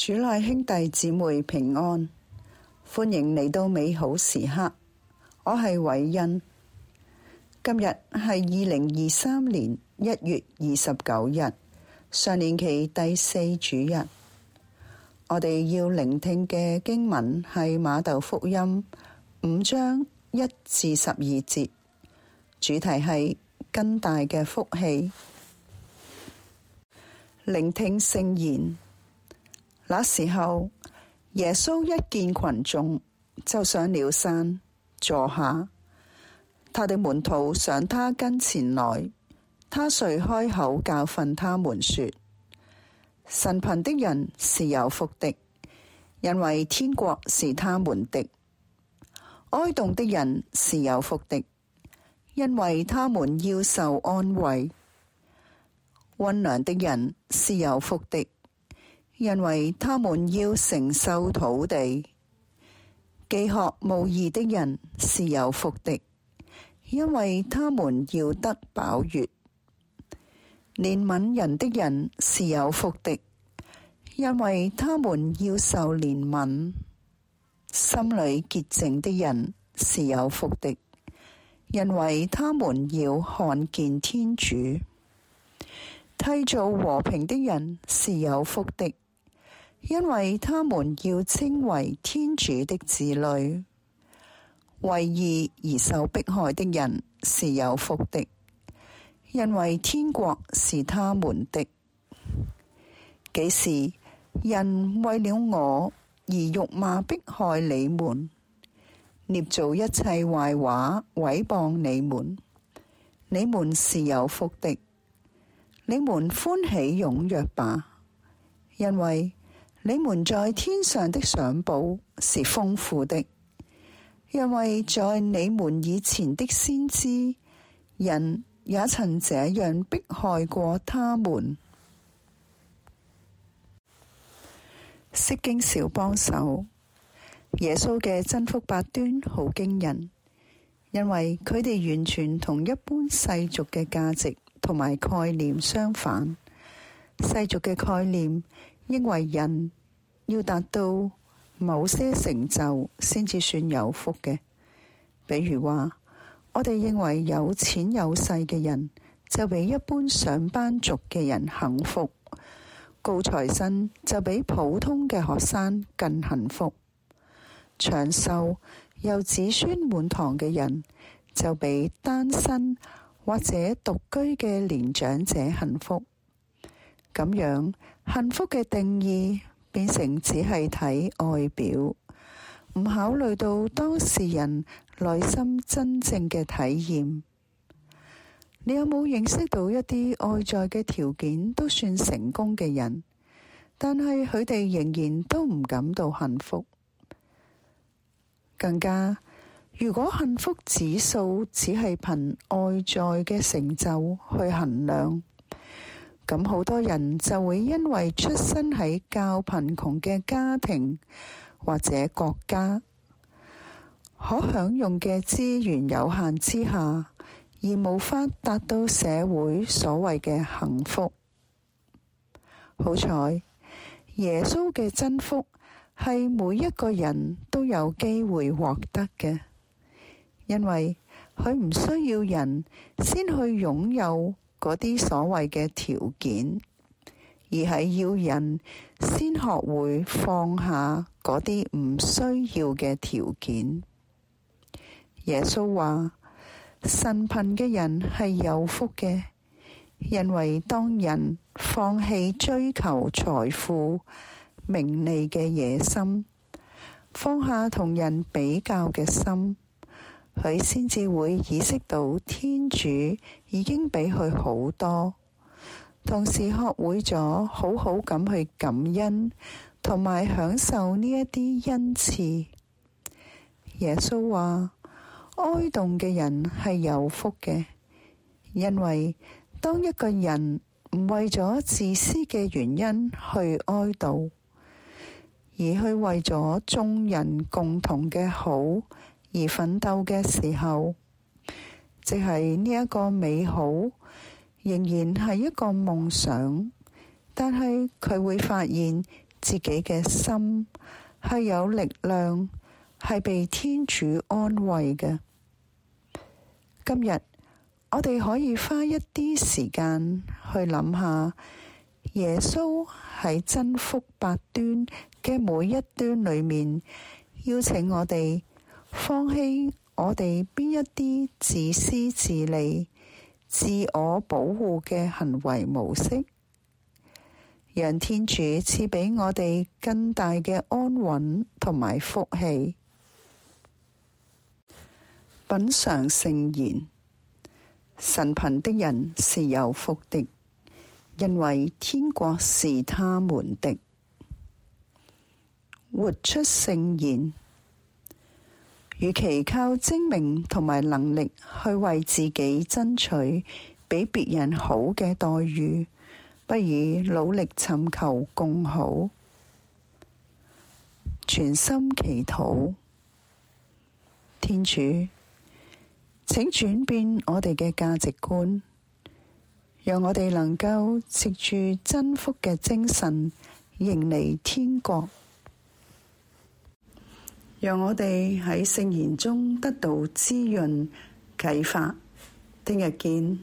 主內兄弟姊妹平安，歡迎嚟到美好時刻。我係偉恩，今日係二零二三年一月二十九日，上年期第四主日。我哋要聆聽嘅經文係馬竇福音五章一至十二節，主題係更大嘅福氣。聆聽聖言。那時候，耶穌一見群眾就上了山坐下，他的門徒上他跟前來，他遂開口教訓他們說：神貧的人是有福的，因為天國是他們的；哀慟的人是有福的，因為他們要受安慰；温良的人是有福的。因為他們要承受土地，飢渴慕義的人是有福的，因為他們要得飽飫；憐憫人的人是有福的，因為他們要受憐憫；心裏潔淨的人是有福的，因為他們要看見天主；締造和平的人是有福的。因為他們要稱為天主的子女，為義而受迫害的人是有福的，因為天國是他們的。幾時人為了我而辱罵迫害你們，捏造一切壞話，毀謗你們，你們是有福的，你們歡喜踴躍吧，因為。你們在天上的賞報是豐富的，因為在你們以前的先知，人也曾這樣迫害過他們。釋經小幫手，耶穌嘅真福八端好驚人，因為佢哋完全同一般世俗嘅價值同埋概念相反，世俗嘅概念，因為人要達到某些成就先至算有福嘅，比如話，我哋認為有錢有勢嘅人就比一般上班族嘅人幸福，高材生就比普通嘅學生更幸福，長壽又子孫滿堂嘅人就比單身或者獨居嘅年長者幸福。咁樣，幸福嘅定義變成只係睇外表，唔考慮到當事人內心真正嘅體驗。你有冇認識到一啲外在嘅條件都算成功嘅人，但係佢哋仍然都唔感到幸福？更加，如果幸福指數只係憑外在嘅成就去衡量。咁好多人就會因為出生喺較貧窮嘅家庭或者國家，可享用嘅資源有限之下，而無法達到社會所謂嘅幸福。好彩，耶穌嘅真福係每一個人都有機會獲得嘅，因為佢唔需要人先去擁有嗰啲所謂嘅條件，而係要人先學會放下嗰啲唔需要嘅條件。耶穌話：神貧嘅人係有福嘅，因為當人放棄追求財富、名利嘅野心，放下同人比較嘅心，佢先至會意識到天主已經俾佢好多，同時學會咗好好咁去感恩，同埋享受呢一啲恩賜。耶穌話：哀慟嘅人係有福嘅，因為當一個人唔為咗自私嘅原因去哀悼，而去為咗眾人共同嘅好。而奮鬥嘅時候，即係呢一個美好，仍然係一個夢想。但係佢會發現自己嘅心係有力量，係被天主安慰嘅。今日我哋可以花一啲時間去諗下，耶穌喺真福八端嘅每一端裏面邀請我哋。放棄我哋邊一啲自私自利、自我保護嘅行為模式，讓天主賜畀我哋更大嘅安穩同埋福氣。品嚐聖言，神貧的人是有福的，因為天國是他們的。活出聖言。與其靠精明同埋能力去為自己爭取比別人好嘅待遇，不如努力尋求共好。全心祈禱。天主，請轉變我哋嘅價值觀，讓我哋能夠藉住真福嘅精神，迎嚟天國。讓我哋喺聖言中得到滋潤啟發，聽日見。